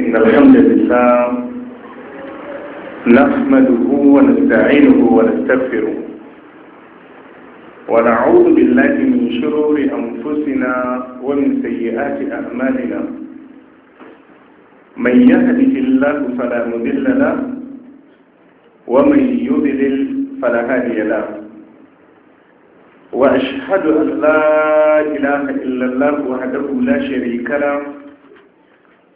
إن الحمد لله نحمده ونستعينه ونستغفره ونعوذ بالله من شرور أنفسنا ومن سيئات أعمالنا من يهده الله فلا مضل له ومن يضلل فلا هادي له وأشهد أن لا إله إلا الله وحده لا شريك له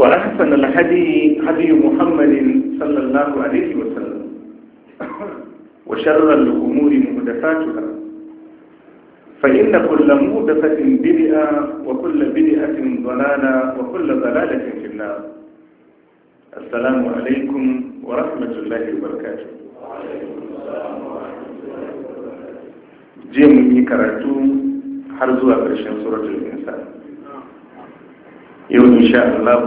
وأحسن الهدي هدي محمد صلى الله عليه وسلم وشر الأمور مهدفاتها فإن كل مهدفة بدئة وكل بدئة ضلالة وكل ضلالة في النار السلام عليكم ورحمة الله وبركاته جيم mun حرزوا برشان سورة الإنسان yau insha Allah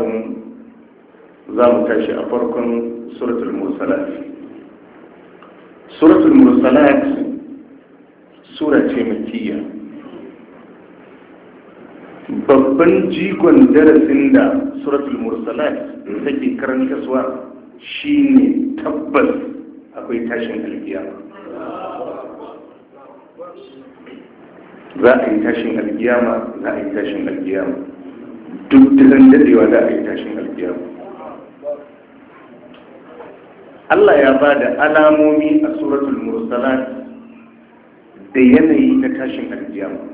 za mu tashi a farkon suratul mursalat suratul mursalat sura ce makiyya babban jigon darasin da suratul mursalat take karantaswa shine tabbas akwai tashin alkiyama za a yi tashin alkiyama za a yi tashin alkiyama duk dilan dadewa za a yi tashin alkiyama Allah ya ba da alamomi a suratul mursalat da yanayi na tashin alkiyama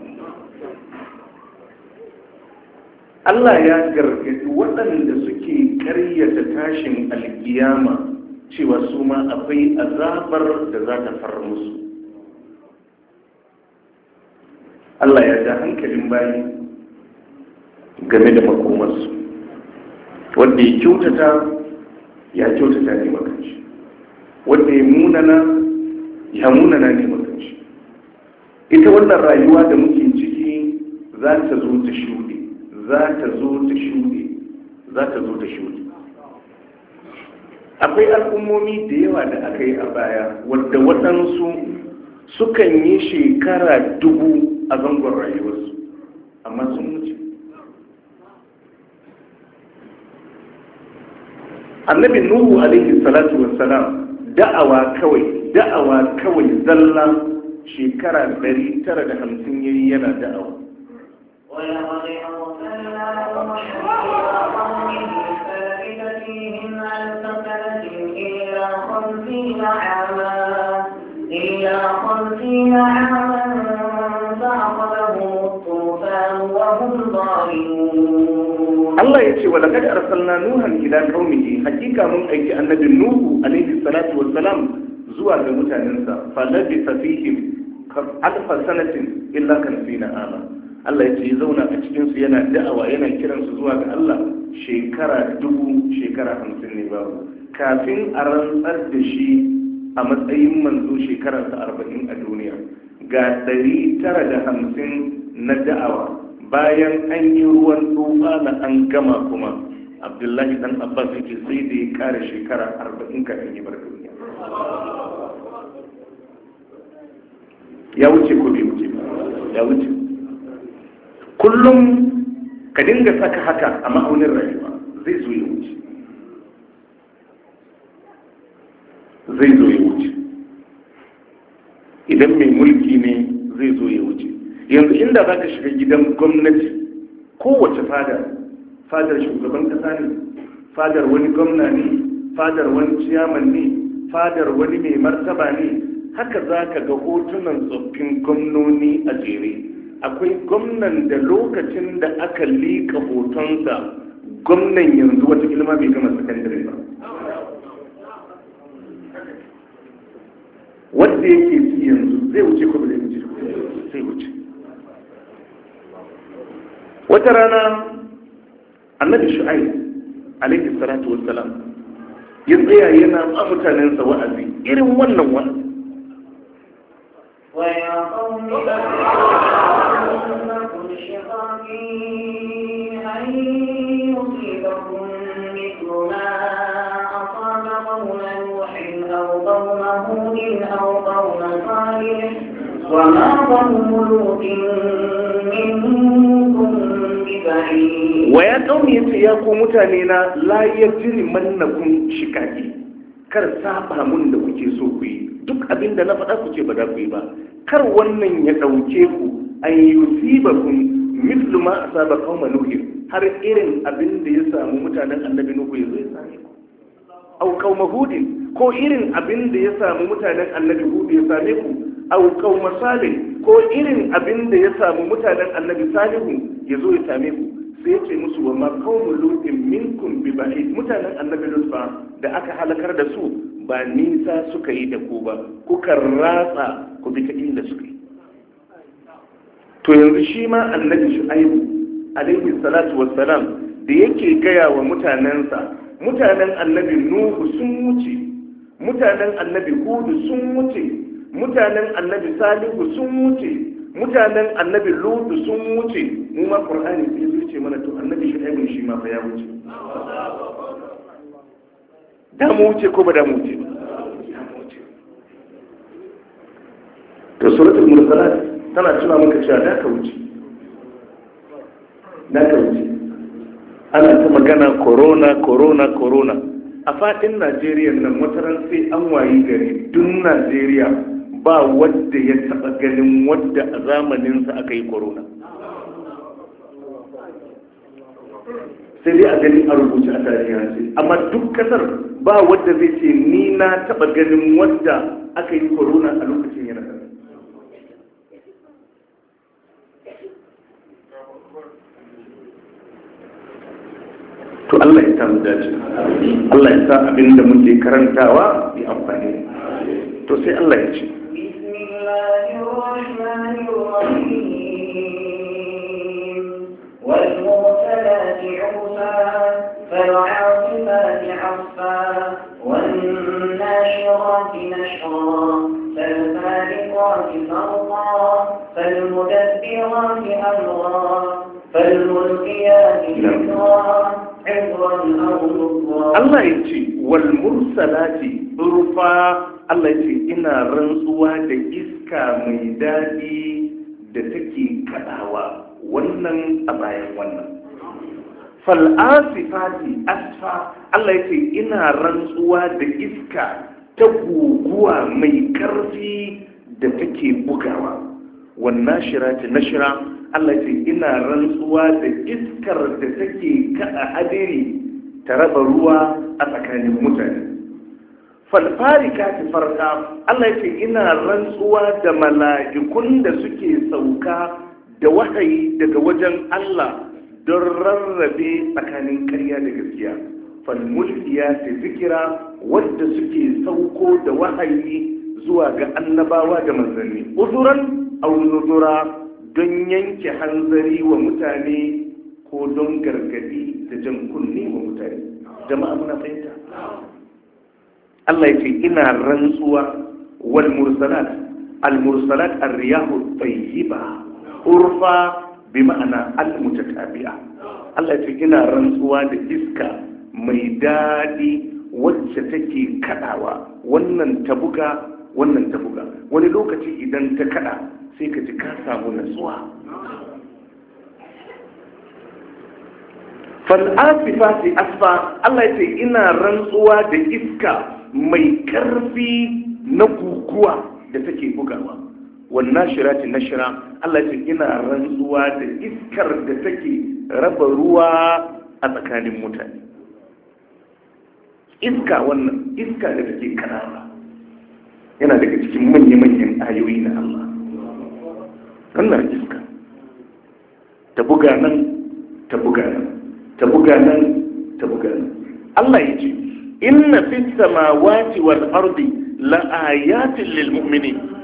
Allah ya gargadi waɗanda suke karyata tashin alkiyama cewa su ma akwai azabar da za ta far musu Allah ya ja hankalin bayi game da makomarsu wanda ya kyautata ya kyautata ne makanci wanda ya munana ya munana ne makanci ita wannan rayuwa da muke ciki za ta zo ta shuɗe za ta zo ta shuɗe za ta zo ta shuɗe akwai al'ummomi da yawa da aka yi a baya wadda waɗansu sukan yi shekara dubu a zangon rayuwarsu amma sun mutu. annabi nuhu alayhi salatu wassalam da'awa kawai da'awa kawai zalla shekara 950 yayi yana da'awa ولقد أرسلنا رسلا من قبلك منهم من فارقتهم عن سكنتهم إلى خمسين عاما إلى خمسين عاما فأخذهم الطوفان وهم ظالمون Allah ya ce wa laqad arsalna nuhan ila qaumihi hakika mun aiki annabi nuhu alaihi salatu wassalam zuwa ga mutanensa falabi fafihim alfa sanatin illa kan fi ala Allah ya ce ya zauna a cikinsu yana da'awa yana kiran su zuwa ga Allah shekara dubu shekara hamsin ne babu kafin a rantsar da shi a matsayin manzo shekarar sa arba'in a duniya ga ɗari tara da hamsin na da'awa bayan an yi ruwan tsufa na an gama kuma abdullahi dan abbas yake sai da ya kare shekara arba'in kafin ya bar duniya ya wuce ko bai wuce ya wuce kullum ka dinga saka haka a ma'aunin rayuwa zai zo ya wuce zai zo ya wuce idan mai mulki ne zai zo ya wuce yanzu inda za ka shiga gidan gwamnati kowace fada fadar shugaban kasa ne fadar wani gwamna ne fadar wani ciyaman ne fadar wani mai martaba ne haka za ka ga hotunan tsoffin gwamnoni a jere akwai gwamnan da lokacin da aka liƙa hotonsa gwamnan yanzu wata ilma bai gama sakandare ba wadda yake yanzu zai wuce kuma وترانا النبي شعيب عليه الصلاة والسلام يبقي ينا أفكار سواء ذي إرم ون ون ويا قوم لا تعلمون شقاقي أن يصيبكم مثل ما أصاب قوم نوح أو قوم هود أو قوم صالح وما قوم لوط مِنْهُ wa ya kauni ya ce ya ku mutane na layar jirin mannakun shikaki kar saba mun da kuke so ku yi duk abin da na faɗa ku ce ba za ku yi ba kar wannan ya ɗauke ku an yi ba kun mislu ma a saba kawo nuhin har irin abin da ya samu mutanen annabi nuhu ya zo ya same ku au kawo hudin ko irin abin da ya samu mutanen annabi hudu ya same ku au kawo masalin ko irin abin da ya samu mutanen annabi salihu ya zo ya same ku sai ce musu wa makawun lutin minkun bi mutanen annabi lutfa da aka halakar da su ba nisa suka yi da ku ba kuka ratsa ku bi ta inda suka yi to yanzu shi ma annabi shu'aibu alaihi salatu wassalam da yake gaya wa mutanensa mutanen annabi nuhu sun wuce mutanen annabi hudu sun wuce mutanen annabi salihu sun wuce mutanen annabi lutu sun wuce mu ma qur'ani sai zuce mana to annabi shu'aibu shi ma fa ya wuce da mu wuce ko ba da mu wuce to suratul mursalat tana tuna maka cewa da ka wuce da ka wuce ana ta magana corona corona corona a fadin najeriya nan wataran sai an wayi gari dun najeriya ba wadda ya taɓa ganin wadda a zamaninsa aka yi korona. sai dai a ganin a rubuce a tarihi amma duk kasar ba wadda zai ce ni na taɓa ganin wadda aka yi korona a lokacin yana to Allah ya samu dace Allah ya sa abin da muke karantawa ya amfani to sai Allah ya ce والمرسلات عرفا فالعاصفات عصفا والناشرات نشرا فالفارقات فرقا فالمدبرات أمرا فالملقيات ذكرا Allah ya ce walmursalati rufa Allah ya ce ina rantsuwa da iska mai daɗi da take kaɗawa wannan a bayan wannan fal'asifati asfa Allah ya ce ina rantsuwa da iska ta guguwa mai ƙarfi da take bugawa wannan shira ta nashira Allah ya ce ina rantsuwa da iskar da take kaɗa hadiri ta raba ruwa a tsakanin mutane falfarika ta farka Allah ya ce ina rantsuwa da mala'ikun da suke sauka da wahayi daga wajen Allah don rarrabe tsakanin karya da gaskiya falmulkiya da zikira wadda suke sauko da wahayi zuwa ga annabawa da manzanni uzuran au don yanke hanzari wa mutane ko don gargadi da jan kunne wa mutane jama'a muna fahimta Allah ya ce ina rantsuwa wal mursalat al mursalat ar-riyahu tayyiba urfa bi ma'ana al-mutatabi'a Allah ya ce ina rantsuwa da iska mai daɗi wacce take kaɗawa wannan ta buga wannan ta buga wani lokaci idan ta kaɗa, sai ka ji ka samu natsuwa fal'asifa sai asfa Allah ya ce ina rantsuwa da iska mai karfi na guguwa da take bugawa wannan shirati na shira Allah ce ina rantsuwa da iskar da take raba ruwa a tsakanin mutane iska wannan iska da take karara yana daga cikin manya-manyan ayoyi na Allah wannan iska ta buga nan ta buga nan ta buga nan ta buga nan Allah ya ce inna fi samawati wal ardi la ayatin lil mu'minin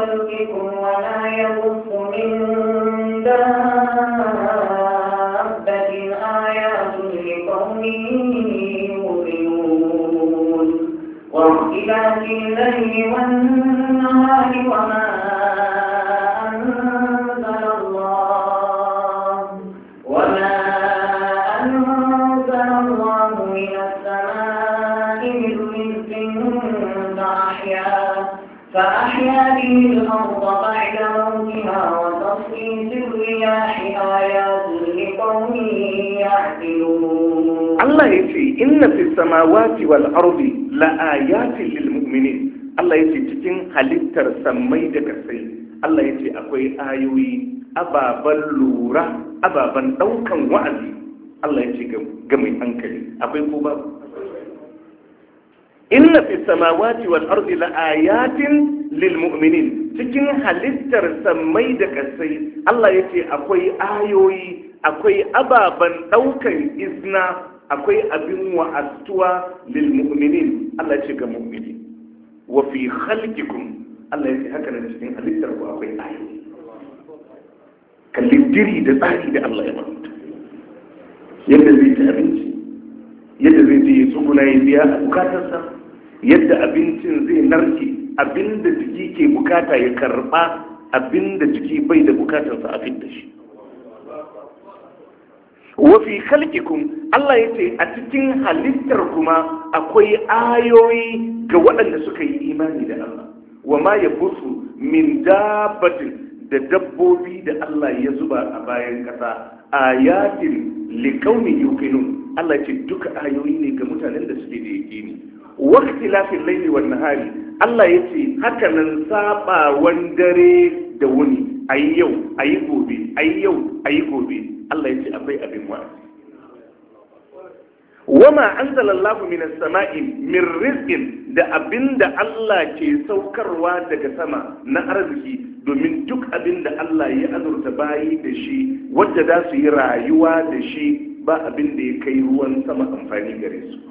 خلقكم وما يبث من دابة آيات لقوم يؤمنون واختلاف الليل والنهار وما samawati wal ardi la ayatin lil mu'minin Allah yace cikin halittar sammai da kasai Allah yace akwai ayoyi ababan lura ababan daukan wa'azi Allah yace ga mai hankali akwai ko ba. inna fi samawati wal ardi la ayatin lil mu'minin cikin halittar sammai da kasai Allah yace akwai ayoyi akwai ababan daukan izna akwai abin wa'astuwa lil mu'minin Allah ce ga mu'mini wa fi khalqikum Allah ya ce haka nan cikin halittar ku akwai ayoyi kalli diri da tsari da Allah ya mutunta yadda zai ta abinci yadda zai je tsuguna ya biya bukatarsa yadda abincin zai narke abin da jiki ke bukata ya karba da jiki bai da bukatarsa a fidda shi wafi halkikun Allah ya ce a cikin halittar kuma akwai ayoyi ga waɗanda suka yi imani da Allah wa ma ya busu min dabbatin da dabbobi da Allah ya zuba a bayan ƙasa ayatin likaunin yukinun Allah ce duka ayoyi ne ga mutanen da suke da yaqini wa lafin layli wa nahari Allah ya ce haka nan sabawan dare da wuni ayi yau ayi gobe ayi yau ayi gobe Allah ya ce akwai abin wa wama anzalallahu minas sama'i min rizqin da abinda Allah ke saukarwa daga sama na arziki domin duk abinda Allah ya azurta bayi da shi wadda za su yi rayuwa da shi ba abinda ya kai ruwan sama amfani gare su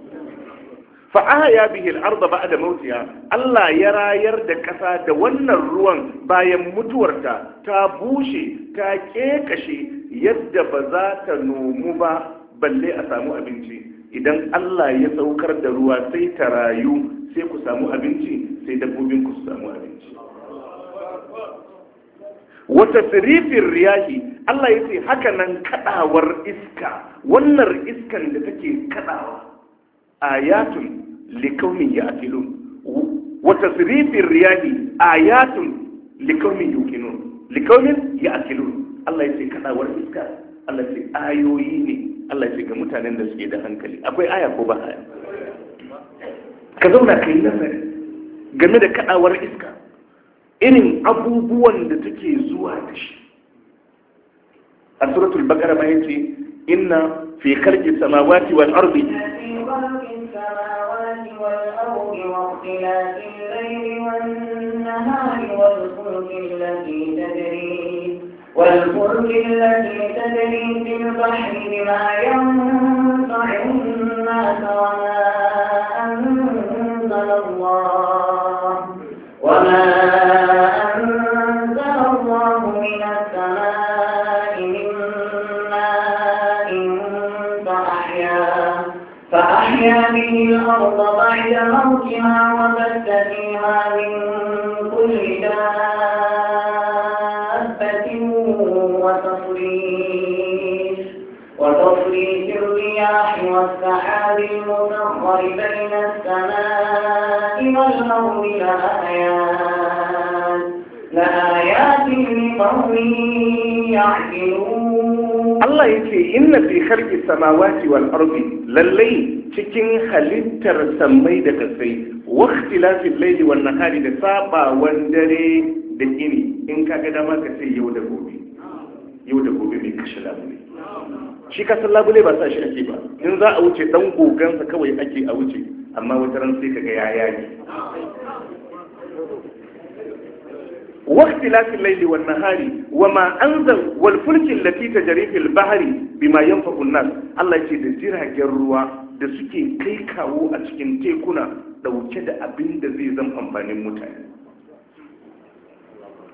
fa'ahaya bihil arda da mautiya. Allah ya rayar da ƙasa da wannan ruwan bayan mutuwarta ta bushe ta kekashe yadda ba za ta nomu ba balle a samu abinci idan Allah ya saukar da ruwa sai ta rayu sai ku samu abinci sai dabbobin ku su samu abinci wata firifin riyahi Allah ya ce haka nan kadawar iska wannan iskan da take kadawa ayatun likaumin ya atilun wata sirifin riyadi ayatun likaumin yukinun Likaunin ya atilun Allah ya ce kadawar iska Allah ya ce ayoyi ne Allah ya ce ga mutanen da suke da hankali akwai aya ko ba aya ka zauna ka yi nazari game da kadawar iska irin abubuwan da take zuwa da shi a suratul bakara ma yace إن في خلق السماوات والأرض واختلاف الليل والنهار والفلك التي تجري والفلك التي تجري في البحر بما ينفع الناس وما inna fi kharqi samawati wal ardi lallai cikin halittar sammai da kasai wa ikhtilafil layli wan nahari da sabawan dare da ini in kaga dama ka sai yau da gobe yau da gobe mai kashe labule shi kasan labule ba sa shi ake ba in za a wuce dan gogansa kawai ake a wuce amma wata ran sai kaga ya yaki واختلاف الليل والنهار وما أنزل والفلك التي تجري في البحر بما ينفع الناس الله يجي دزيرها جروا da suke kai kawo a cikin tekuna dauke da abin da zai zama amfanin mutane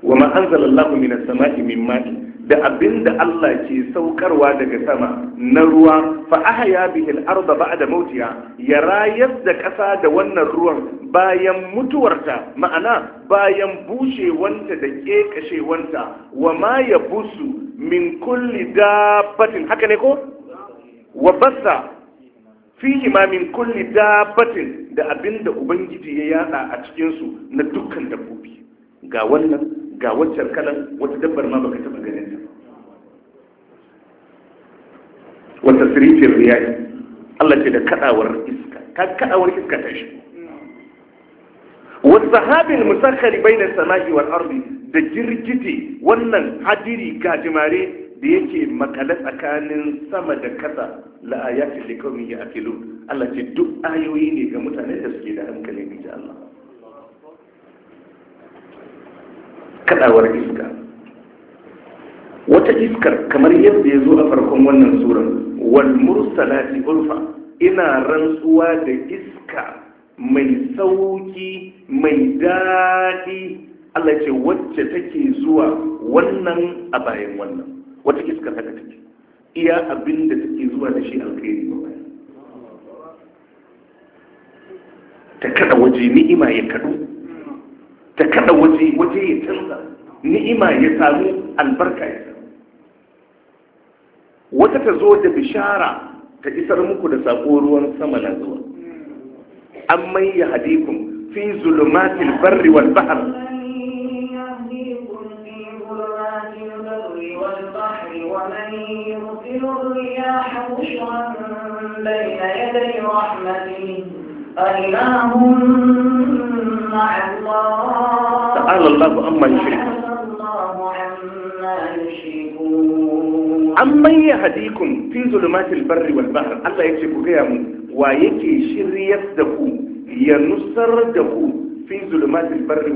wa ma anzala Allahu minas sama'i min da abinda Allah ke saukarwa daga sama na ruwa fa ahya bihi al-ardha ba'da mautiha ya rayar da ƙasa da wannan ruwan bayan mutuwarta ma'ana bayan bushewanta da kekashewanta wa ma busu min kulli dabbatin haka ne ko wa bassa fihi ma min kulli dabbatin da abinda ubangiji ya yada a cikinsu na dukkan dabbobi ga wannan ga waccan kalan wata dabbar ma baka taɓa ganin ta wata sirikin riyayi Allah ce da kaɗawar iska ka kaɗawar iska ta shi wasu sahabin musakhari bainar sama'i wa ardi da jirgiti wannan hadiri gajimare da yake makale tsakanin sama da kasa la da likaumi ya akilu Allah ce duk ayoyi ne ga mutane da suke da hankali inji Allah kadawar iska wata iskar kamar yadda ya zo a farkon wannan sura, wal mursalati ina rantsuwa da iska mai sauki mai daɗi Allah ce wacce take zuwa wannan a bayan wannan wata iskar haka take iya abin da take zuwa da shi alkhairi ba ta kada waje ni'ima ya kadu تكذا وجهي وجهي تلقى نئما يتامو البركة وتتزوج بشارة تأثر مكو لساقور ونسمى نزوى أما يهديكم في ظلمات البر والبحر ومن يرسل الرياح بشرا بين يدي رحمته تعالى الله أما يشركون amman ya hadikun fi zulumatil barri wal bahr Allah yace ku gaya mu wa yake shiryar da ku ya nusar da ku fi barri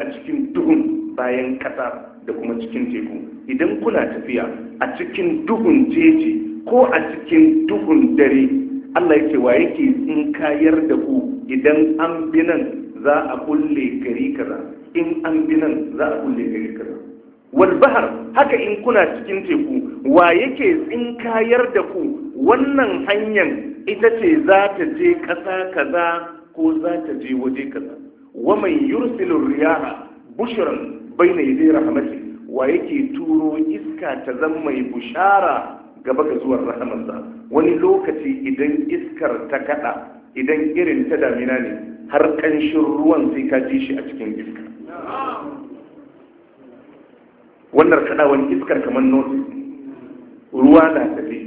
a cikin duhun bayan kasa da kuma cikin teku idan kuna tafiya a cikin duhun jeji ko a cikin duhun dare Allah yake wa yake tsinkayar da ku idan an bi nan za a kulle gari kaza in an bi nan za a kulle gari kaza wal bahar haka in kuna cikin teku wa yake tsinkayar da ku wannan hanyar ita ce za ta je kasa kaza ko za ta je waje kaza wa man yursilu riyaha bushran bayna yadi rahmatin. wa yake turo iska ta zama mai bushara gaba ga zuwan rahamansa wani lokaci idan iskar ta kada idan irin ta damina ne har kanshin ruwan sai ka ji shi a cikin iska wannan wani iskar kamar notice ruwa na tafi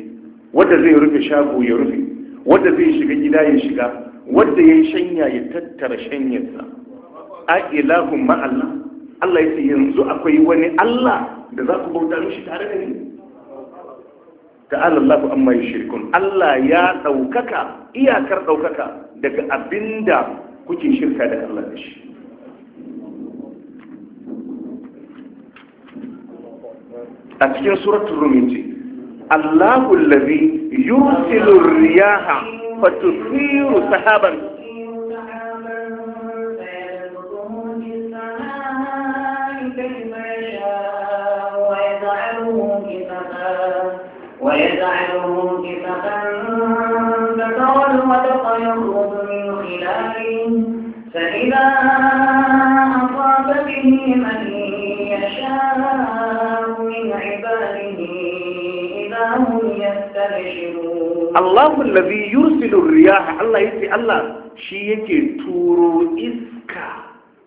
wadda zai rufe shago ya rufe wadda zai shiga gida ya shiga wadda ya shanya ya tattara shanyarsa a ilahun Allah ya ce yanzu akwai wani Allah da za ku bauta mishi tare da ni ta'ala Allah amma yushrikun Allah ya daukaka iyakar daukaka daga abinda kuke shirka da Allah da shi a cikin suratul rum ce Allahu allazi yursilu riyaha fatusfiru sahaban من يشاء من عباده إذا هم يستبشرون الله الذي يرسل الرياح الله يسي الله شي يكي تورو إسكا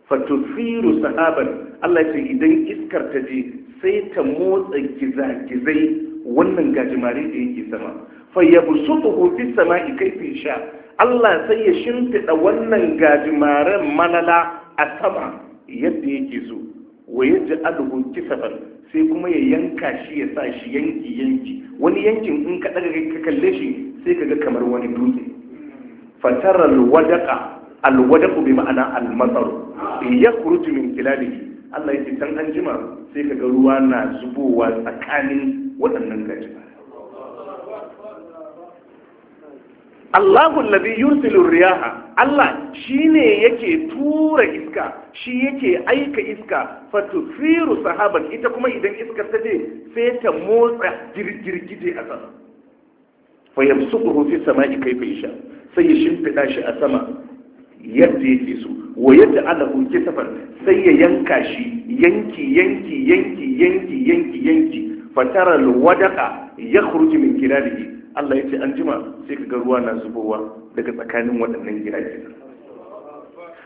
فتثير سحابا الله يسي إذن إسكر تجي سيتا موت الجزا جزي wannan gajimare da yake sama fayyabu sufuhu fi sama'i kaifi sha Allah sai ya shimfiɗa wannan gajimaren malala a sama yadda yake so wa yadda aluhu kisafar sai kuma ya yanka shi ya sa shi yanki yanki wani yankin in ka daga ka kalle shi sai ka ga kamar wani dutse fatar alwadaka alwadaku bi ma'ana almasar ya kurutu min kilalihi Allah ya ce an jima sai ka ga ruwa na zubowa tsakanin waɗannan gajimare Allahu allazi yursilu riyaha Allah shi ne yake tura iska shi yake aika iska firu sahaban ita kuma idan iska ta je sai ta motsa girgije a sama fa sama fi sama'i fai sha. sai ya shimfiɗa shi a sama yadda ya fi so wa yadda alahu safar sai ya yanka shi yanki yanki yanki yanki yanki yanki wadaka alwadaqa yakhruju min Allah ya ce an jima sai ka ga ruwa na zubowa daga tsakanin waɗannan gidaje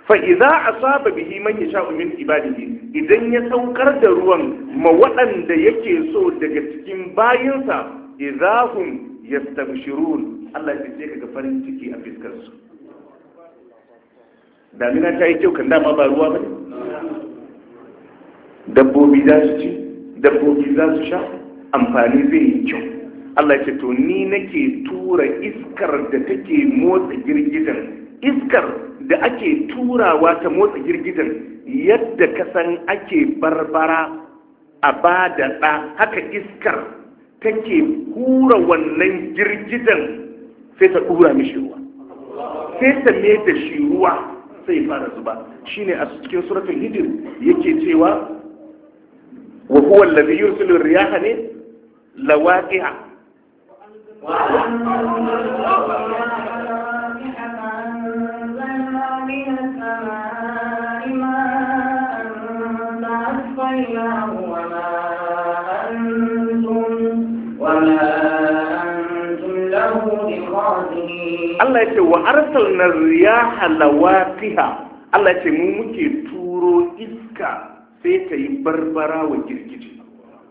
fa a saba bihi man yasha'u min ibadihi idan ya saukar da ruwan ma waɗanda yake so daga cikin bayinsa ya yastabshirun Allah ya ce kaga farin ciki a fiskar su damina ta yi kyau kan dama ba ruwa bane dabbobi za su ci dabbobi za su sha amfani zai yi kyau Allah ce to ni nake tura iskar da take motsa girgizan iskar da ake turawa ta motsa girgizan yadda ka san ake barbara a ba da ɗa haka iskar take hura wannan girgizan sai ta ɗura mishi ruwa sai ta me da shi ruwa sai fara zuba shine a cikin suratul hijir yake cewa wa huwa allazi yursilu riyaha ne lawaqiha Allah ya ce wa arsalna riyaha lawatiha Allah ya ce mu muke turo iska sai ta yi barbara wa girgije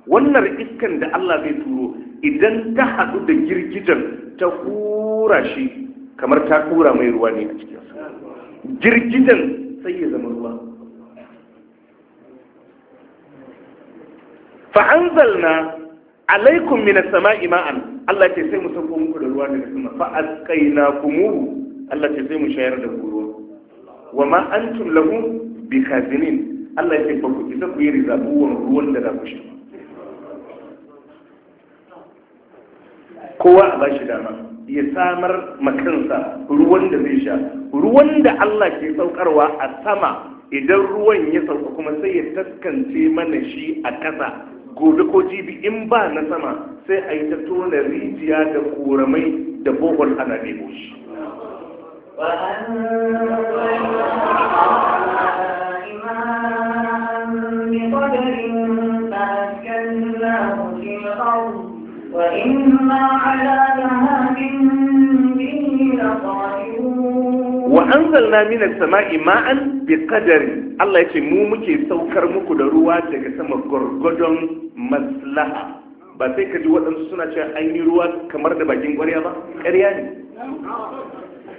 wannan iskan da Allah zai turo idan ta haɗu da girgijan ta hura shi kamar ta hura mai ruwa ne a cikinsa girgijen sai ya zama ruwa fa'anzal na alaikun mina sama ima'an Allah ce sai mu sauko muku da ruwa daga sama fa'askai na kumu Allah ce sai mu shayar da ku ruwa wa ma an lahu bi kazinin Allah ya ba ku isa ku yi rizabuwan ruwan da za ku shi kowa a bashi dama ya samar makansa ruwan da zai sha ruwan da Allah ke saukarwa a sama idan ruwan ya sauka kuma sai ya taskance mana shi a ƙasa gobe ko jibi in ba na sama sai a yi ta tona rijiya da koramai da bohol ana nemo shi Oh. wa anzalna ذهاب به لقادرون وأنزلنا من السماء ماء بقدر الله muke saukar muku da ruwa daga sama gwargwadon maslaha ba sai ka ji waɗansu suna cewa an yi ruwa kamar da bakin ƙwarya ba ƙarya ne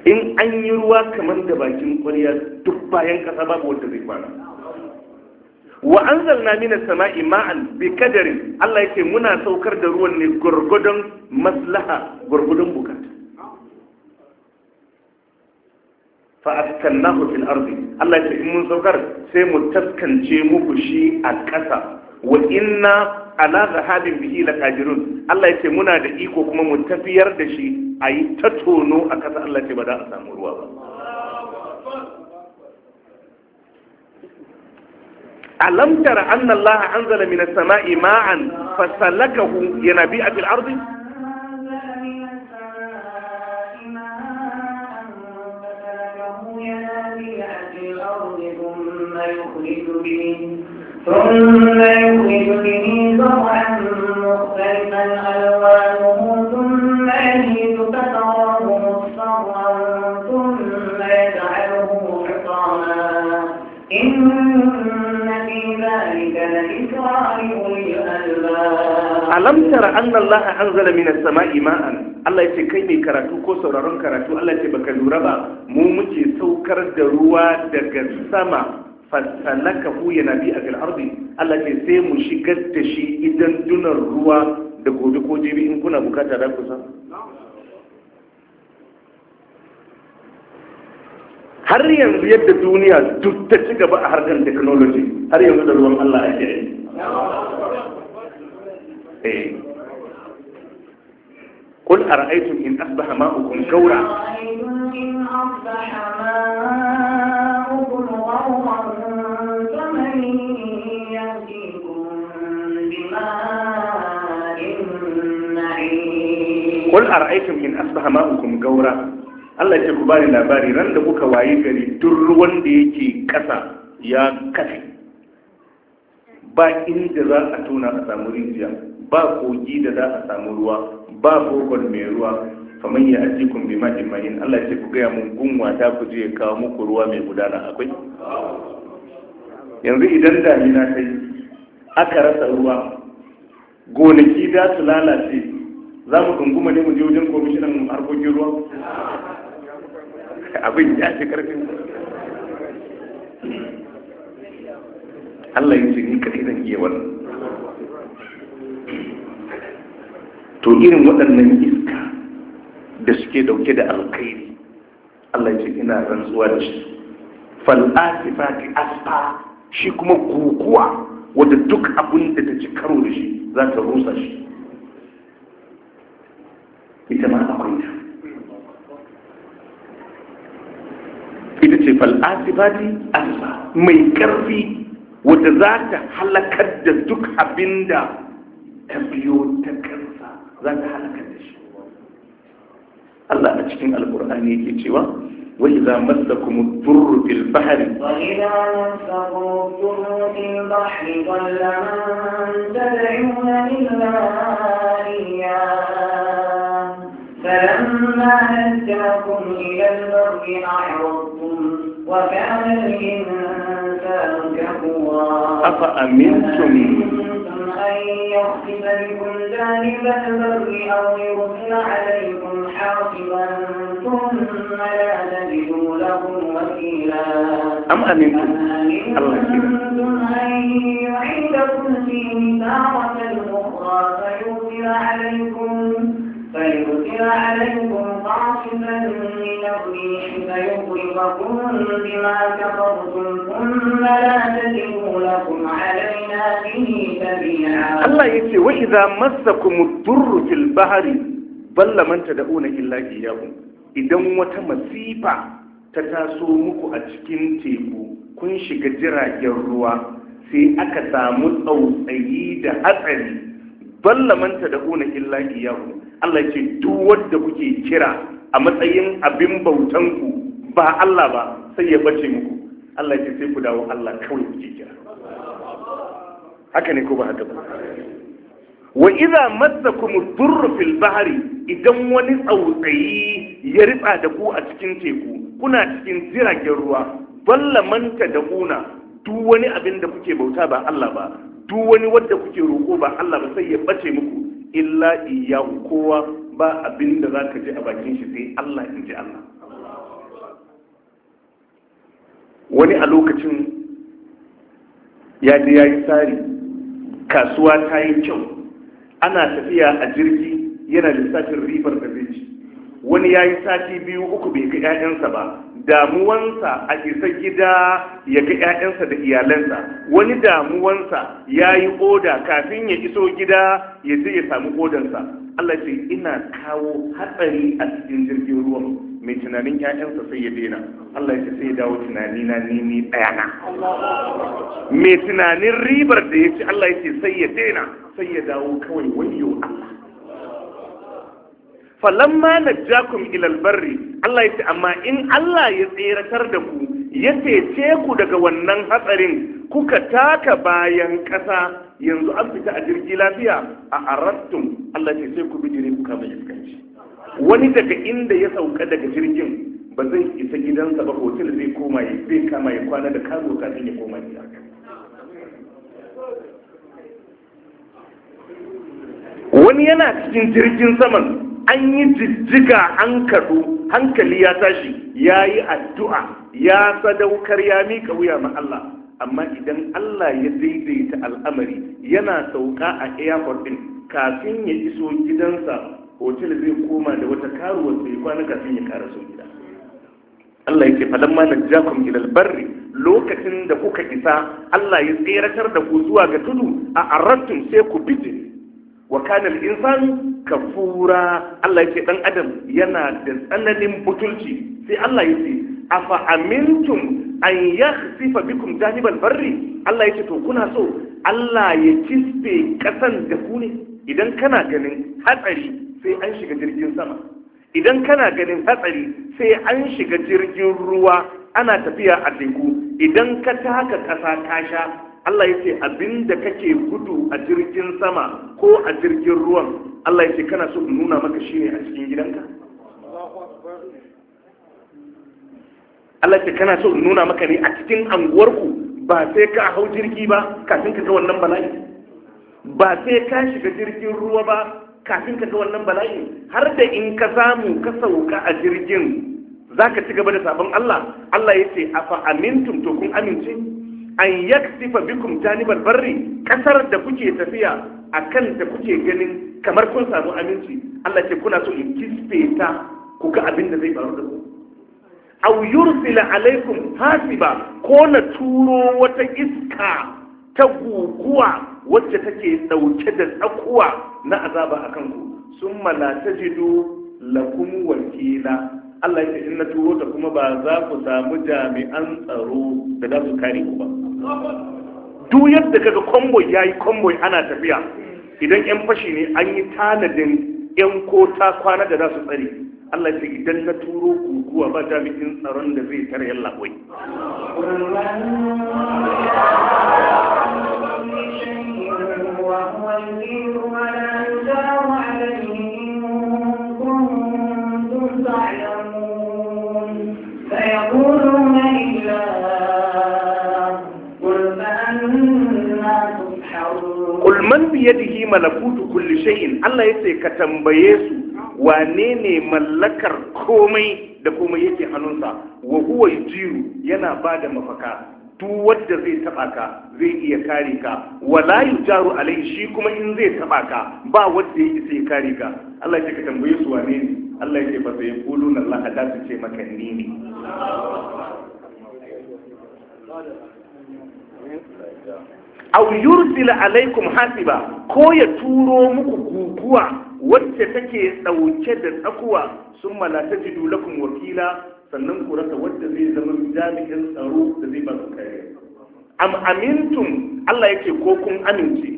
in an yi ruwa kamar da bakin ƙwarya duk bayan ƙasa babu wanda zai kwana wa anzalna minas sama'i ma'an bi kadarin Allah yake muna saukar da ruwan ne gurgudun maslaha gurgudun bukata fa askannahu fil ardi Allah yake in mun saukar sai mu taskance muku shi a ƙasa wa inna ala zahabin bihi laqadirun Allah yake muna da iko kuma mu tafiyar da shi ayi ta tono a ƙasa Allah yake ba za a samu ruwa ba alam tara anna Allah anzala minas sama'i ma'an fasalakahu yanabi'a fil ardi ثم alam tara anna allaha anzala minas sama'i ma'an Allah yace kai mai karatu ko sauraron karatu Allah yace baka lura ba mu muke saukar da ruwa daga sama fasalakahu yanabi a fil ardi Allah yace sai mu shigar da shi idan dunar ruwa da gobe ko jibi in kuna bukata da kusa har yanzu yadda duniya duk ta ci gaba a harkar technology har yanzu da ruwan Allah ake yi قل أرأيتم إن أصبح ماءكم كورا قل أرأيتم إن أصبح ماءكم كورا الله يجب ku bani labari ran da kuka waye gari duk ruwan da yake ba inda za a tona a samu rijiya ba kogi da za a samu ruwa ba kokon mai ruwa kamar ya aji kun bi Allah ce ku gaya mun gunwa ta ku je kawo muku ruwa mai gudana akwai yanzu idan damina ta yi aka rasa ruwa gonaki za su lalace za mu gunguma ne mu je wajen komishinan harkokin ruwa abin ya ce karfin Allah ya ce ni kaɗai zan iya wannan to irin waɗannan iska da suke dauke da alkhairi Allah ya ce ina rantsuwa da shi fal'asifati asfa shi kuma kokuwa wadda duk abin da ta ci karo da shi za ta rusa shi ita ma akwai ta ita ce fal'asifati asfa mai karfi wadda za ta halakar da duk abin da ta biyo ta kansa za ta halakar da shi Allah a cikin alkur'ani yake cewa وإذا مسكم الضر في البحر وإذا مسكم تدعون إياه فلما نجاكم إلى البر أعرضتم وكان الإنسان أفأمنتم أن أو عليكم ثم لا تجدوا لكم وكيلا أم أمنتم أمنتم أن يعيدكم فيه تارة أخرى فيرسل عليكم فيرسل عليكم قاصفا من الريح فيغرقكم بما كفرتم ثم لا تجدوا لكم علينا به سبيلا الله يكفي واذا مسكم الضر في البحر بل من تدعون الا اياه idan wata masifa ta taso muku a cikin teku kun shiga jiragen ruwa sai aka samu tsautsayi da hatsari Ballamanta da kuna illa iyyahu Allah ce duk wanda kuke kira a matsayin abin bautan ku ba Allah ba sai ya bace muku Allah ce sai ku dawo Allah kawai kuke kira haka ne ko ba haka ba wa idza massakum durr fil bahri idan wani tsautsayi ya ritsa da ku a cikin teku kuna cikin jiragen ruwa ballamanta da kuna duk wani abin da kuke bauta ba Allah ba duk wani wanda kuke roƙo ba Allah ba sai ya bace muku illa iya kowa ba abin da za ka ji a bakin shi sai Allah in ji Allah wani a lokacin ya je ya yi tsari kasuwa ta yi kyau ana tafiya a jirgi yana da lissafin ribar da zai ci wani ya yi sati biyu uku bai ga 'ya'yansa ba damuwansa a isa gida ya ga 'ya'yansa da iyalansa wani damuwansa ya yi oda kafin ya iso gida ya je ya samu odansa Allah ce ina kawo hatsari a cikin jirgin ruwan mai tunanin 'ya'yansa sai ya daina Allah ce sai ya dawo tunani na ni ni ɗaya na mai tunanin ribar da ya ci Allah ce sai ya daina sai ya dawo kawai wani yau Allah falamma jakun ilal barri Allah ya ce amma in Allah ya tseratar da ku ya ce ku daga wannan hatsarin kuka taka bayan ƙasa yanzu an fita a jirgi lafiya a arattum Allah ce sai ku jirgin ku kama iskanci wani daga inda ya sauka daga jirgin ba zai isa gidansa ba hotel zai koma ya zai kama ya kwana da karo kafin ya koma gida wani yana cikin jirgin saman an yi jijjiga an hankali ya tashi ya yi addu'a ya sadaukar ya mika wuya ma Allah amma idan Allah ya daidaita al'amari yana sauka a airport ɗin kafin ya iso gidansa hotel zai koma da wata karuwar sai kwana kafin ya kara so gida Allah yake falan ma na jakum ilal barri lokacin da kuka isa Allah ya tseratar da ku zuwa ga tudu a arratun sai ku bijiri wa kana al-insan kafura Allah yake dan adam yana da tsananin butulci sai Allah yake afa amintum an yakhsifa bikum al barri Allah yake to kuna so Allah ya kisbe kasan da ku ne idan kana ganin hatsari sai an shiga jirgin sama idan kana ganin hatsari sai an shiga jirgin ruwa ana tafiya a teku idan ka taka kasa ka sha Allah ya ce abinda kake gudu a jirgin sama ko a jirgin ruwan Allah ya ce kana so nuna maka shi ne a cikin gidanka Allah ya ce kana so nuna maka ne a cikin anguwarku ba sai ka hau jirgi ba kafin ka ga wannan bala'i ba sai ka shiga jirgin ruwa ba kafin ka ga wannan bala'i har da in ka samu ka sauka a jirgin za ka ci gaba da sabon Allah Allah ya ce a fa amintum to kun amince an fa bikum janibal barri kasar da kuke tafiya a kan da kuke ganin kamar kun samu aminci Allah ce kuna so in kisfe ta ku ga abin da zai faru da ku aw yursila alaikum hasiba ko na turo wata iska ta guguwa wacce take dauke da tsakuwa na azaba akan ku summa la tajidu lakum wakila Allah ya in na turo ta kuma ba za ku samu jami'an tsaro da za su kare ku ba duk yadda kaga ya yi konvoy ana tafiya idan yan fashi ne an yi tanadin yan ko ta kwana da za su tsare Allah ya idan na turo guguwa ba jami'in tsaron da zai tare yalla koi wani. man biyadihi malakutu kulli shay'in Allah yace ka tambaye su wane ne mallakar komai da komai yake hannunsa wa huwa yujiru yana bada mafaka duk wanda zai taba ka zai iya kare ka wala yujaru alai shi kuma in zai taba ka ba wanda yake sai kare ka Allah yace ka tambaye su wane ne Allah yace fa sai quluna Allah da su ce maka ni ne Allahu Akbar aw yursila alaikum hasiba ko ya turo muku guguwa wacce take dauke da tsakuwa sun malata ji lakum wakila sannan ku rasa wadda zai zama jami'in tsaro da zai ba su kare am amintum Allah yake ko kun amince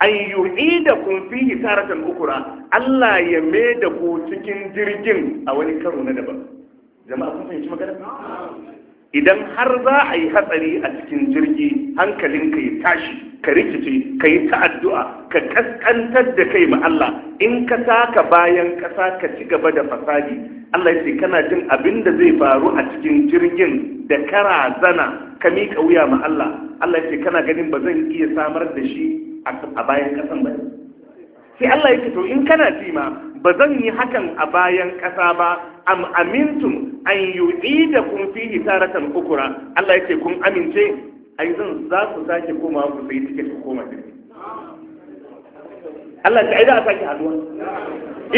an yu'ida kun fi taratan ukura Allah ya mai da ku cikin jirgin a wani karo na daban jama'a kun fahimci magana idan har za a yi hatsari a cikin jirgi hankalinka ya tashi ka rikice ka yi ta'addu'a, ka kaskantar da kai ma Allah in ka saka bayan ƙasa ka ci gaba da fasadi Allah ya ce kana jin abin da zai faru a cikin jirgin da kara zana ka miƙa wuya ma Allah Allah ya ce kana ganin ba zan iya samar da shi a bayan ƙasan ba sai Allah ya ce to in kana ji ma ba zan yi hakan a bayan ƙasa ba am amintum an yu'idakum fihi taratan ukura Allah ya ce kun amince ai za su sake koma ku sai tiket su koma da Allah ta aida a sake haduwa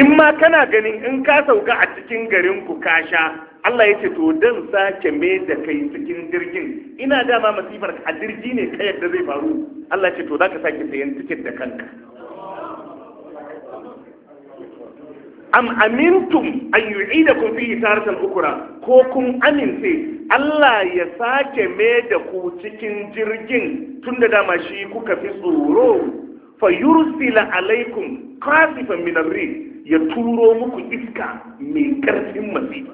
in ma kana ganin in ka sauka a cikin garin ku ka sha Allah ya ce to dan sake me da kai cikin jirgin ina dama masifar a jirgi ne ka yadda zai faru Allah ya ce to zaka sake sayan tiket da kanka am amintum an yu'idakum fihi taratan ukura ko kun amince Allah ya sake me da ku cikin jirgin tun da dama shi kuka fi tsoro fa yursila alaikum qasifan min ar ya turo muku iska mai karfin masifa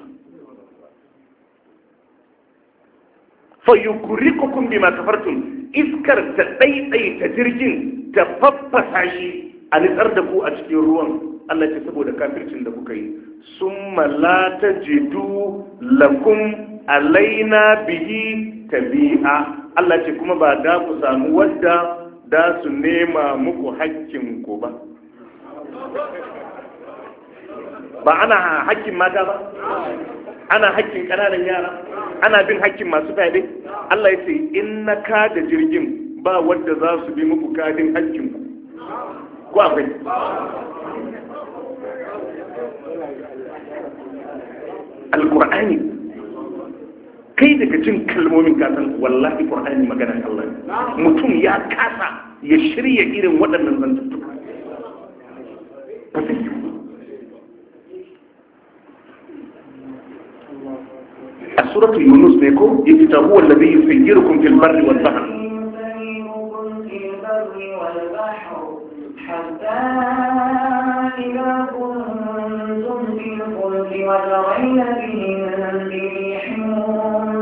fa yugriqukum bima kafartum iskar ta daidaita jirgin ta faffasa shi a nitsar da ku a cikin ruwan Allah ce saboda kafircin da kuka yi Sun malata jidu lakum alaina bihi tabi'a Allah ce kuma ba da ku samu wadda da su nema muku hakkin ku ba ba ana hakkin mata ba ana hakkin ƙananan yara ana bin hakkin masu fyaɗe Allah ya ce in na ka da jirgin ba wadda za su bi muku kadin hakkin ku ku akwai القرآن كيف تكون كل مؤمن قاتل والله القرآن ما قال الله متوم يا كاسا يشري يجير ودا من من تطلع السورة يونس نيكو يكتبوا الذي يفجركم في البر والبحر وجرين بهم بريح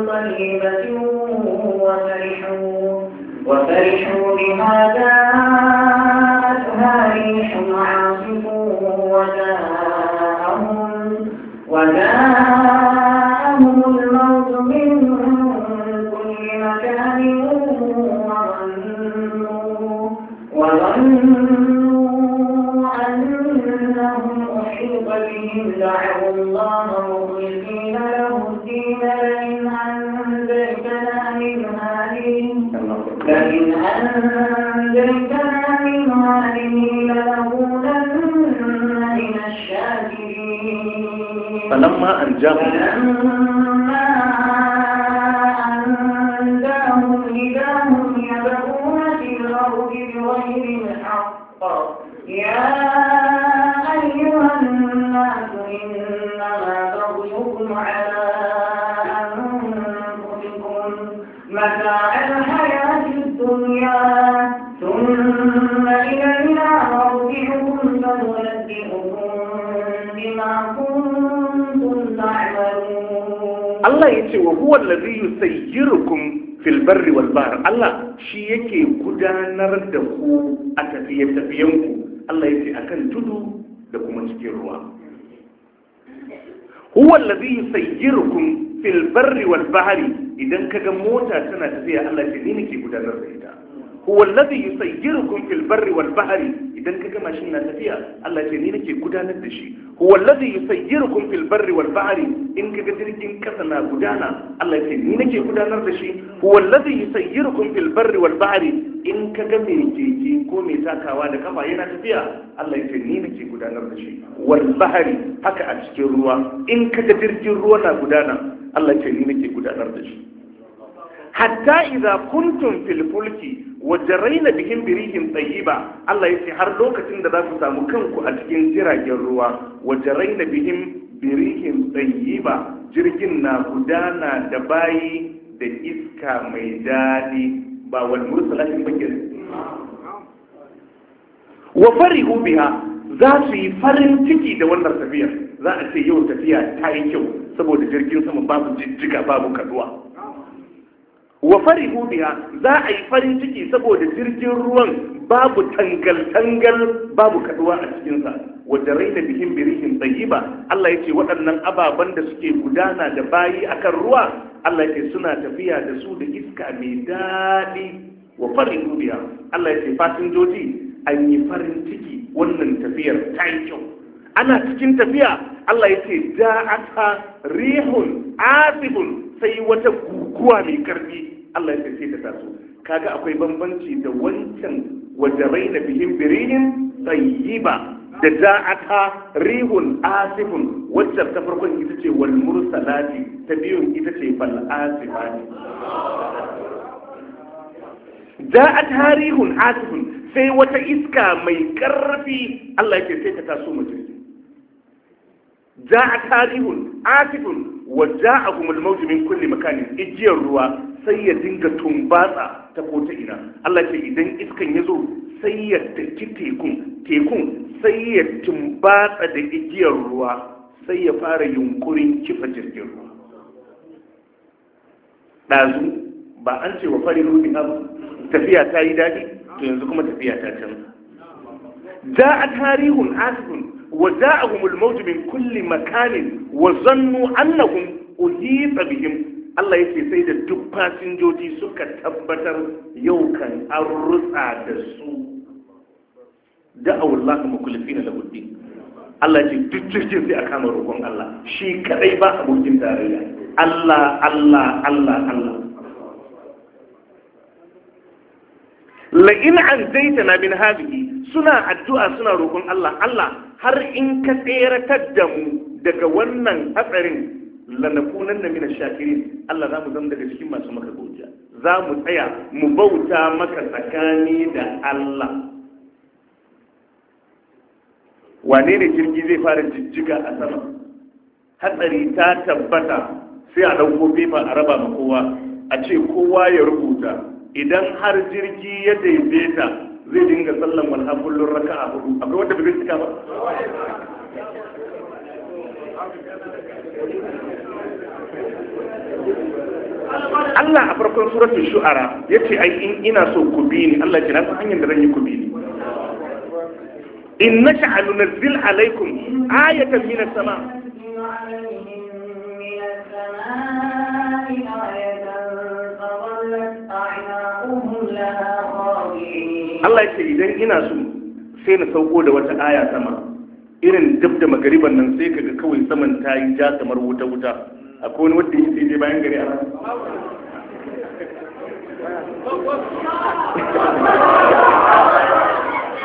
طيبة وفرحوا, وفرحوا فلما أنجاهم ce wa huwa allazi yusayyirukum fil barri wal bahr Allah shi yake gudanar da ku a tafiye tafiyen ku Allah yake akan tudu da kuma cikin ruwa huwa allazi yusayyirukum fil barri wal bahr idan kaga mota tana tafiya Allah ce ni nake gudanar da ita huwa alladhi yusayyirukum fil barri wal bahri idan ka gama shi na tafiya Allah ce ni nake gudanar da shi huwa alladhi yusayyirukum fil barri wal bahri in ka ga jirgin kasa na gudana Allah ce ni nake gudanar da shi huwa alladhi yusayyirukum fil barri wal bahri in ka ga mai keke ko mai takawa da kafa yana tafiya Allah ya ce ni nake gudanar da shi wal bahri haka a cikin ruwa in ka ga jirgin ruwa na gudana Allah ya ce ni nake gudanar da shi hatta iza kuntum fil fulki raina bihim birihin tayyiba Allah yace har lokacin da za ku samu kanku a cikin jiragen ruwa raina bihim birihin tayyiba jirgin na gudana da bayi da iska mai dadi ba wal mursalatin bakin wa farihu biha za su yi farin ciki da wannan tafiyar za a ce yau tafiya ta yi kyau saboda jirgin sama babu jijjiga babu kaduwa wa fari biha za a yi farin ciki saboda jirgin ruwan babu tangal-tangal babu kaduwa a cikinsa wadda da bikin birihin ba? Allah ya ce waɗannan ababen da suke gudana da bayi akan ruwa Allah ya ce suna tafiya da su da iska mai daɗi wa fari biha Allah ya ce fasinjoji an yi farin ciki wannan tafiyar ta yi kyau ana cikin tafiya Allah ya ce ja'ata rihun asibun sai wata guguwa mai karfi Allah ya sai ta taso kaga akwai bambanci da wancan wadda raina bihin birinin tayyiba da da'ata rihun asifun wacce ta farkon ita ce wal mursalati ta biyun ita ce fal asifani da'at rihun asifun sai wata iska mai karfi Allah ya sai ta taso mutum ja'a tarihun asifun wa ja'ahum kuma mawt min kulle makanin ijiyar ruwa sai ya dinga tumbatsa ta kota ina Allah ce idan iskan ya zo sai ya taki tekun tekun sai ya tumbatsa da igiyar ruwa sai ya fara yunkurin kifa jirgin ruwa ɗazu ba an ce wa farin rufi ba tafiya ta yi daɗi to yanzu kuma tafiya ta canza za a tarihun asibin wa za a min kulli makanin wa zannu annahum uhiba bihim Allah ya ce sai da duk fasinjoji suka tabbatar yau kan an rutsa da su da Allah mukulfi na labuddin Allah ce duk jirgin sai a kama roƙon Allah shi kadai ba abokin tarayya Allah Allah Allah Allah la'in an zaita na bin Habibi suna addu'a suna roƙon Allah Allah har in ka tseratar da mu daga wannan hatsarin lanakunan min mina shakirin Allah za mu zama daga cikin masu maka godiya za mu tsaya mu bauta maka tsakani da Allah wane ne jirgi zai fara jijjiga a sama hatsari ta tabbata sai a ɗauko fefa a raba ma kowa a ce kowa ya rubuta idan har jirgi ya daidaita zai dinga sallan wani kullum raka a hudu akwai wanda bai cika ba Allah a farkon suratul shu'ara ce ai in ina so ku bi ni Allah ya san hanyar da zan yi ku bi ni in nasha'al nunzil alaikum ayatan minas sama Allah ya ce idan ina so sai na sauko da wata aya sama irin dab da magariban nan sai kaga kawai saman ta yi ja kamar wuta wuta akwai wani wanda yi sai bayan gari a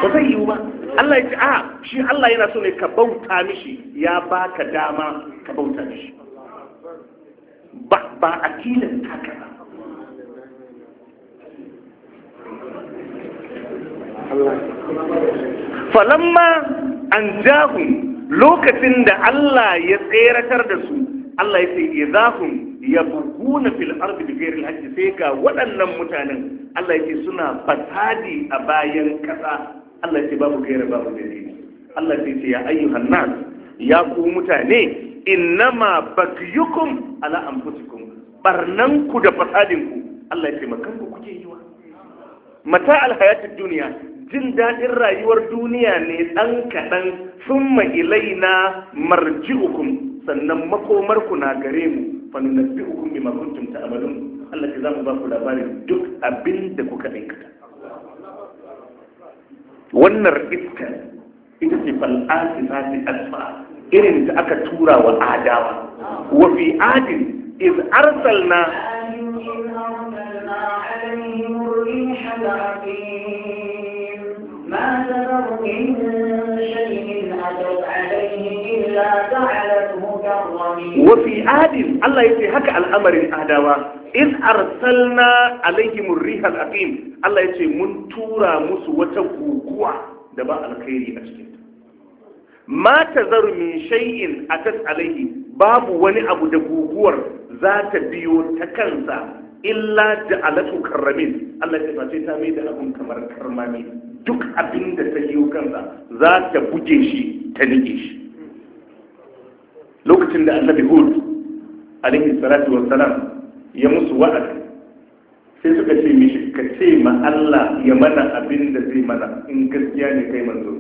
ba zai yiwu ba Allah ya ce a ah, shi Allah yana so ne ka bauta mishi ya baka dama ka bauta mishi ba ba a tilasta ka ba falamma an jahun lokacin da Allah ya tseratar da su Allah ya ce ya buguna fil ardi bighairi al sai ga waɗannan mutanen Allah ya ce suna fasadi a bayan kasa Allah ya ce babu gaira babu dalili Allah ya ce ya ayyu nas ya ku mutane innama bagyukum ala anfusikum barnan ku da fasadin ku Allah ya ce makan ku kuke wa? mata alhayatid duniya jin daɗin rayuwar duniya ne ɗan kaɗan sun na marji hukum sannan makomarku na gare mu fa nunabbi'ukum bima ta amalin Allah ke za mu ba ku labarin duk abin da kuka kaɗa. wannan iska ita ce fal'asi na ce alfa irin da aka tura wa adawa wa fi adin iz arsalna عليهم ما تذر من شيء أتت عليه إلا جعلته كالرميم وفي عاد الله يقول هكا الأمر الأهداوة in arsalna alaihim rihal aqim Allah yace mun tura musu wata guguwa da ba alkhairi a cikin ma tazar min shay'in atat alaihi babu wani abu da guguwar za ta biyo ta kansa illa ja'alatu karramin Allah ya tsace ta mai da abun kamar karmami duk abin da ta yiwu kansa za ta buge shi ta nike shi lokacin da annabi hud alaihi salatu salam ya musu wa'azi sai suka ce mishi ka ce ma Allah ya mana abin da zai mana in gaskiya ne kai manzo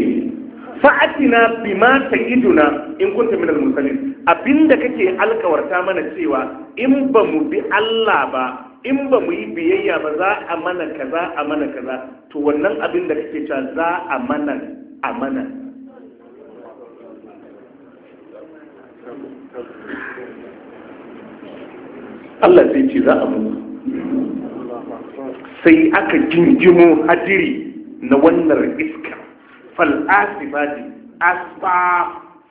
eh, fa'atina bima ta'iduna in kunta minal mursalin abinda kake alkawarta mana cewa in ba mu bi Allah ba in ba mu yi biyayya ba za a mana kaza a mana kaza to wannan abin da kake cewa za a mana a mana Allah sai ce za a mu sai aka jingimo hadiri na wannan iska fal'asifati asfa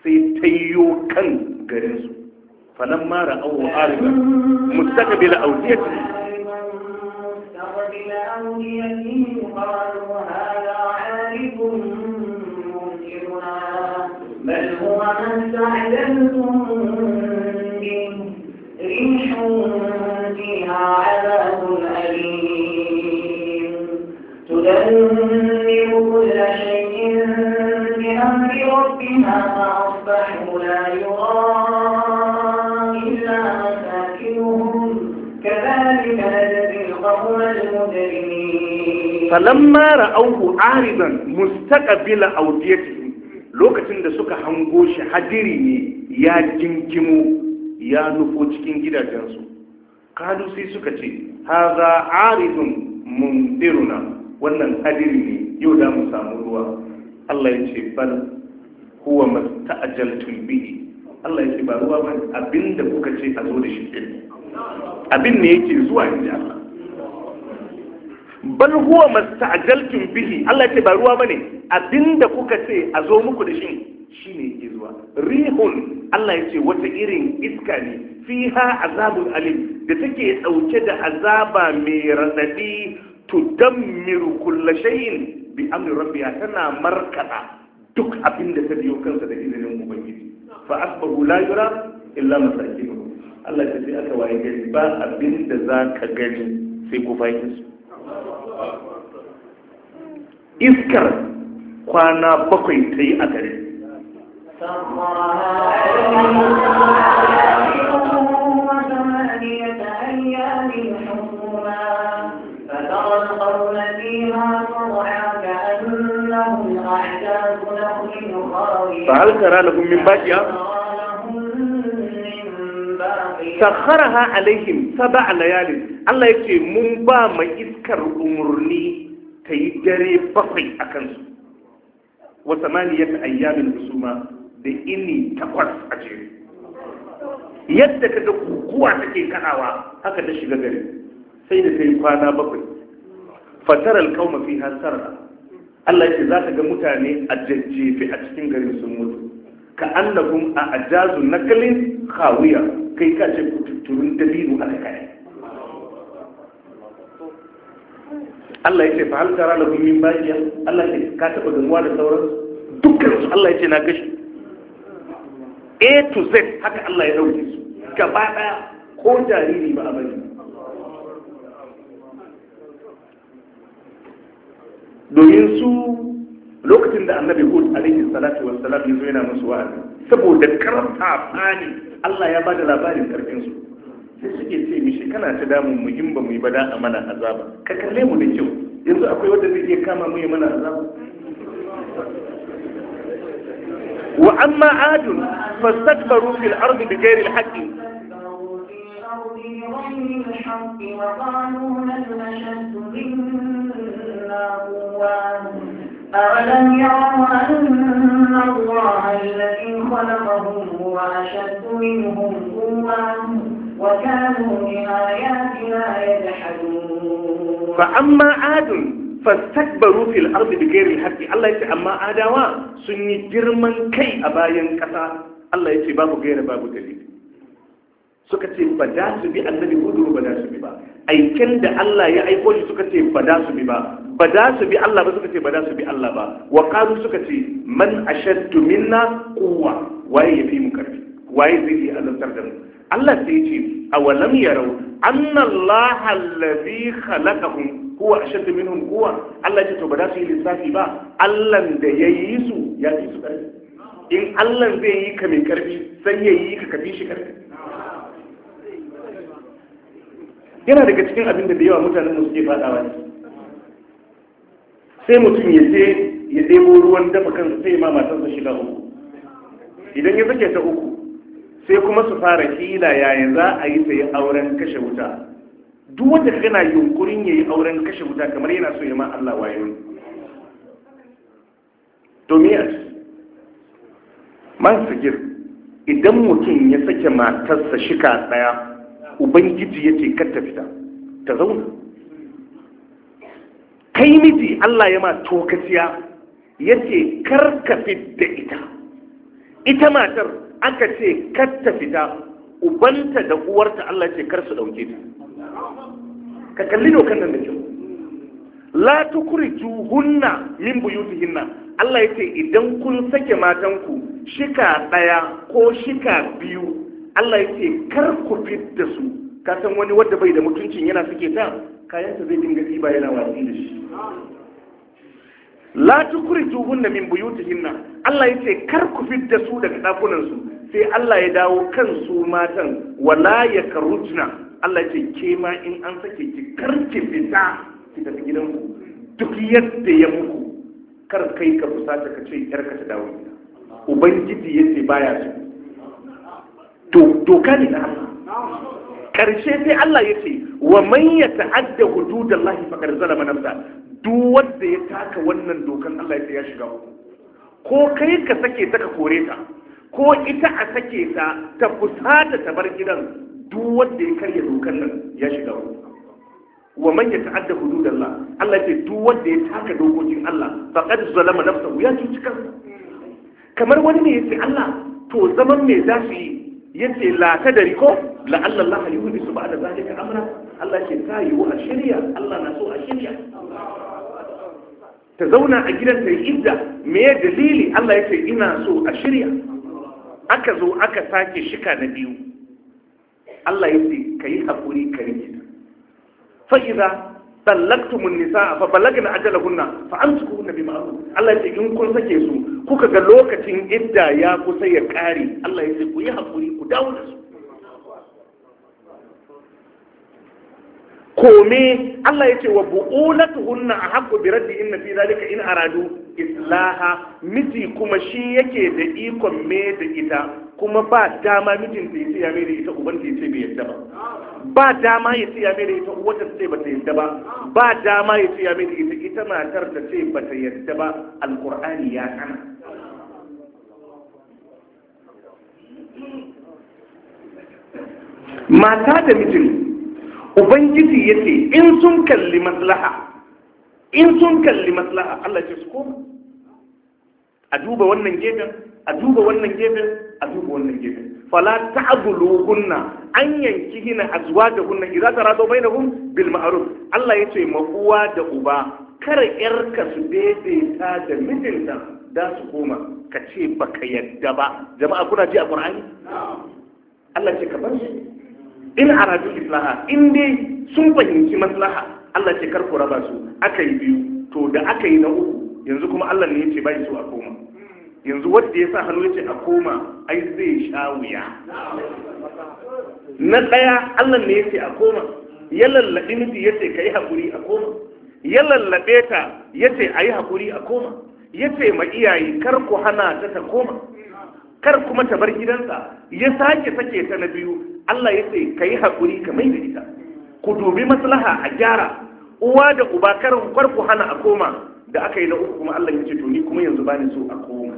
sai tayyo kan garinsu falamma ra'awu ariba mustaqbil awdiyati ومن أوليتهم قالوا هذا عارف منكرنا بل هو ما استعجلتم به ريح فيها عذاب أليم تدمر كل شيء بأمر ربها فأصبحوا لا يرام فلما ra'auhu عارضا مستقبل awdiyatihi lokacin da suka hango shi hadiri ne ya jinkimo ya nufo cikin gidajensu kadu sai suka ce haza aridun mundiruna wannan hadiri ne yau da mu samu ruwa Allah ya ce bal huwa masta'ajaltum bihi Allah ya ce ba ruwa ba abinda kuka ce a zo da shi din abin ne yake zuwa inda Allah bal huwa masta'jaltum bihi Allah ce ba ruwa bane abinda kuka ce a zo muku da shi shine yake zuwa rihun Allah ya ce wata irin iska ne fiha azabun alim da take dauke da azaba mai radadi tudammiru kulla shay'in bi amri rabbiha tana markada duk abinda ta biyo kansa da izinin ubangiji fa asbahu la yura illa masakinuhum Allah ya ce aka waye gari ba abinda zaka gani sai ku fakin su iskar kwana bakwai ta yi a gare فهل ترى لكم من باقيه sakharaha alaihim sab'a layalin Allah ce mun ba ma iskar umurni ta yi dare bakwai a kansu wa samaniyat ayyamin husuma da ini takwas a jere yadda kaga kukuwa take kaɗawa haka ta shiga gari sai da ta yi kwana bakwai fatar alkauma fi hasara Allah ce za ka ga mutane a jajjefe a cikin garin sun mutu ka kun a ajazu nakalin khawiya kai ka ce kututturun dalilu a kai Allah ya ce fa hal tara lahum min baqiya Allah ya ce ka taba ganuwa da sauran dukkan su Allah ya ce na gashi A to Z haka Allah ya dauke su gaba daya ko jariri ba a bari domin su lokacin da annabi hud alaihi salatu wassalam yazo yana musu wa'azi saboda karanta fani Allah ya bada labarin karfin su sai suke ce mishi kana ta damun mu in ba mu yi bada a mana azaba ka kalle mu da kyau yanzu akwai wanda zai iya kama mu ya mana azaba wa amma adun fastakbaru fil ardi bighairi al-haqqi وقالوا لن نشد منا قوة أولم يروا أن الله الذي خلقهم هو أشد منهم قوة وكانوا بآياتنا يجحدون فأما عاد فاستكبروا في الأرض بغير الحق الله يتي أما عداوا سني جرمن كي أبايا كتا الله يتي باب غير باب دليل suka ce ba da su bi annabi hudu ba da su bi ba aikin da Allah ya aiko shi suka ce ba da su bi ba ba da su bi Allah ba suka ce ba da su bi Allah ba wa qalu suka ce man ashaddu minna quwwa waye ya fi mu karfi waye zai yi azantar da mu Allah sai ce awalam yarau anna Allah allazi khalaqahum huwa ashaddu minhum quwwa Allah ya ce to ba da su yi lissafi ba Allah da ya yi su ya fi su karfi in Allah zai yi ka mai karfi sai ya yi ka kafi shi karfi yana daga cikin abin da da yawa mutanen suke fadawa ne sai mutum ya ce ya ɗebo ruwan dafa kansa sai ma matarsa shiga uku idan ya sake ta uku sai kuma su fara hila yayin za a yi ta yi auren kashe wuta duk wanda kana yunkurin ya yi auren kashe wuta kamar yana so ya ma Allah wayo domiyar man sigir idan mutum ya sake matarsa shika daya ubangiji ya ce kar ta fita ta zauna kai miji Allah ya ma tokaciya ya ce kar ka fidda ita ita matar aka ce kar ta fita ubanta da uwarta Allah ce kar su ɗauke ta ka kalli dokan nan da kyau la hunna min buyutihinna Allah ya ce idan kun sake matanku shika ɗaya ko shika biyu Allah ya ce kar ku da su ka san wani wadda bai da mutuncin yana suke ta kayansa zai dinga tsiba yana watsi da shi la tukhrijuhunna min buyutihinna Allah ya yace kar ku da su daga dakunan su sai Allah ya dawo kan su matan wala ya karujna Allah ya ce ke ma in an sake ki kar ki fita ki tafi gidanku duk yadda ya muku kar kai ka fusata ka ce yar ka ta dawo Ubangiji ya ce baya so doka ne na Allah karshe sai Allah ya ce wa man ya ta'adda hududallahi faqad zalama nafsa duk wanda ya taka wannan dokan Allah ya ce ya shiga uku ko kai ka sake ta ka kore ta ko ita a sake ta ta fusata ta bar gidan duk wanda ya karya dokan nan ya shiga uku wa man ya ta'adda hududallah Allah ya ce duk wanda ya taka dokokin Allah faqad zalama nafsahu ya cuci kansa kamar wani ne ya ce Allah to zaman me za su yi yace la tadari ko la Allah la hudu su ba'da zalika amra Allah ce ta yi wa shirya Allah na so a shirya ta zauna a gidan ta idda me ya dalili Allah yace ina so a shirya aka zo aka sake shika na biyu Allah yace kai hakuri ka rike fa idza طلقتم النساء فبلغن اجلهن فامسكوهن بمعروف الله يقول in kun sake su kuka ga lokacin idda ya kusa ya kare Allah ya ce ku yi haƙuri ku dawo da su kome Allah ya ce wa a haƙo bi raddi inna fi zalika in aradu islaha miji kuma shi yake da ikon me da ita kuma ba dama mijin da yace ya mai da ita uban da yace bai yadda ba ba dama ya ya mai da ita uwar ta ce ta yadda ba ba dama ya ya mai da ita ita matar ta ce ta yadda ba Alkur'ani ya hana mata da mijin ubangiji ya ce in sun kalli maslaha in sun kalli maslaha Allah ce su koma a duba wannan gefen a duba wannan gefen a duba wannan gefen fala ta'dulu kunna an yanki hina kunna idza taradu bainahum bil ma'ruf Allah yace ma uwa da uba kar yarka su daidaita da mijinta da su koma ka ce baka yadda ba jama'a kuna ji a qur'ani Allah ce ka bar su in aradu islaha in dai sun fahimci maslaha Allah ce kar ku raba su aka yi biyu to da aka yi na uku yanzu kuma Allah ne yace bai su a koma yanzu wanda ya sa hannu yace a koma ai zai sha wuya na daya Allah ne yace a koma ya ya ce yace kai hakuri a koma ya lallabe ta yace ayi hakuri a koma ya ce ma iyaye kar ku hana ta ta koma kar kuma ta bar gidansa ya sake sake ta na biyu Allah ya ce ka yi haƙuri ka mai da ita ku dubi maslaha a gyara uwa da uba karin kar ku hana a koma da aka yi na uku kuma Allah ya ce to ni kuma yanzu bani so a koma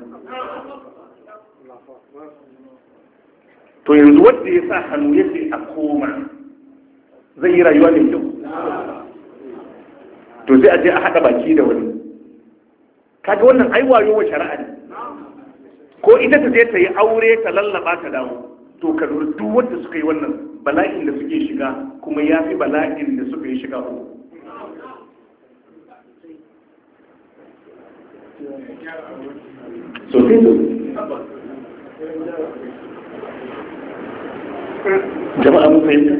to yanzu wanda ya sa hannu ya ce a koma zai yi rayuwa mai kyau to sai a je a haɗa baki da wani kaga wannan ai wayo wa shari'a ne ko ita ta je ta yi aure ta lallaba ta dawo to ka lura duk wanda suka yi wannan bala'in da suke shiga kuma ya fi bala'in da suka yi shiga ko so sai jama'a mun fahimta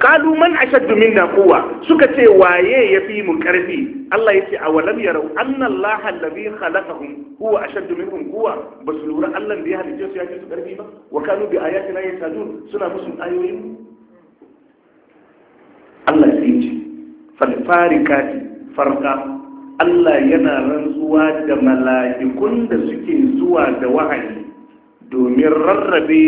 kalu man ashaddu minna quwwa suka ce waye yafi mu karfi Allah yace awalam yarau anna Allah allazi khalaqahum huwa ashaddu minhum quwwa basu lura Allah da ya halice su yafi su karfi ba wa kanu bi ayatina yasadun suna musu ayoyin Allah ya ce fal farikati farqa Allah yana rantsuwa da mala'ikun da suke zuwa da wahayi domin rarrabe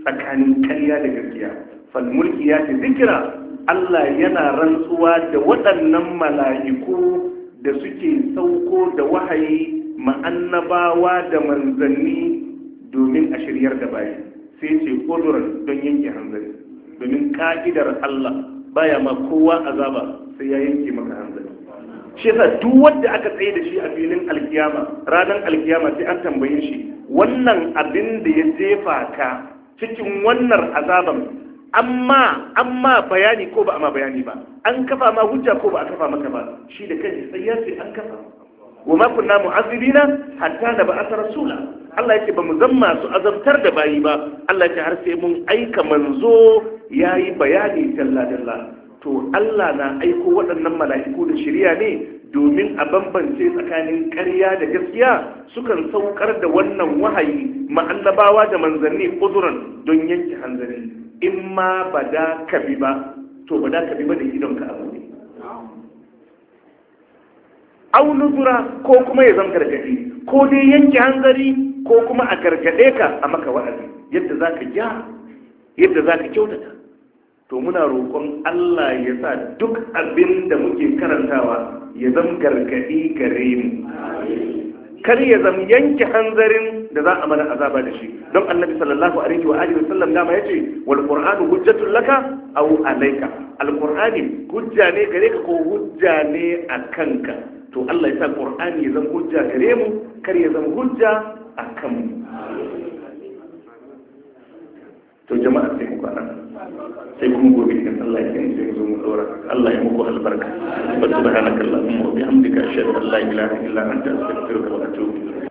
tsakanin karya da gaskiya falmulki ya fi zikira Allah yana rantsuwa da waɗannan mala'iku da suke sauko da wahayi ma'annabawa da manzanni domin a shiryar da bayi sai ce ƙudurar don yanke hanzari domin ka'idar Allah baya ma kowa azaba sai ya yanke maka hanzari shi yasa duk wanda aka tsaye da shi a filin alkiyama ranar alkiyama sai an tambaye shi wannan abin da ya jefa ka cikin wannan azaban amma amma bayani ko ba ma bayani ba an kafa ma hujja ko ba a kafa maka ba shi da kai sai ya ce an kafa wa ma kunna mu'azzibina hatta da ba asar rasula Allah yake ba mu zan masu azabtar da bayi ba Allah yake har sai mun aika manzo yayi bayani dalla dalla to Allah na aiko waɗannan mala'iku da shirya ne domin a bambance tsakanin ƙarya da gaskiya sukan saukar da wannan wahayi ma'annabawa da manzanni uzuran don yanke hanzari in ma ba da kabi ba to ba da kabi ba da idonka a buɗe au nuzura ko kuma ya zama gargaɗi, ko dai yanke hanzari ko kuma a gargaɗe ka a maka wa'azi yadda za ka ja yadda za ka kyautata to muna roƙon Allah ya sa duk abin da muke karantawa ya zama gargaɗi gare mu kar ya zama yanke hanzarin da za a mana azaba da shi don annabi sallallahu alaihi wa alihi wasallam dama yace wal qur'anu hujjatul laka aw alayka al qur'ani hujja ne gare ka ko hujja ne akan ka to Allah ya sa qur'ani ya zama hujja gare mu kar ya zama hujja akan mu to jama'a sai mu kwana sai kuma gobe idan Allah ya kai sai mu zo mu dora Allah ya muku albarka subhanakallahumma wa bihamdika ashhadu an la ilaha illa anta astaghfiruka wa atubu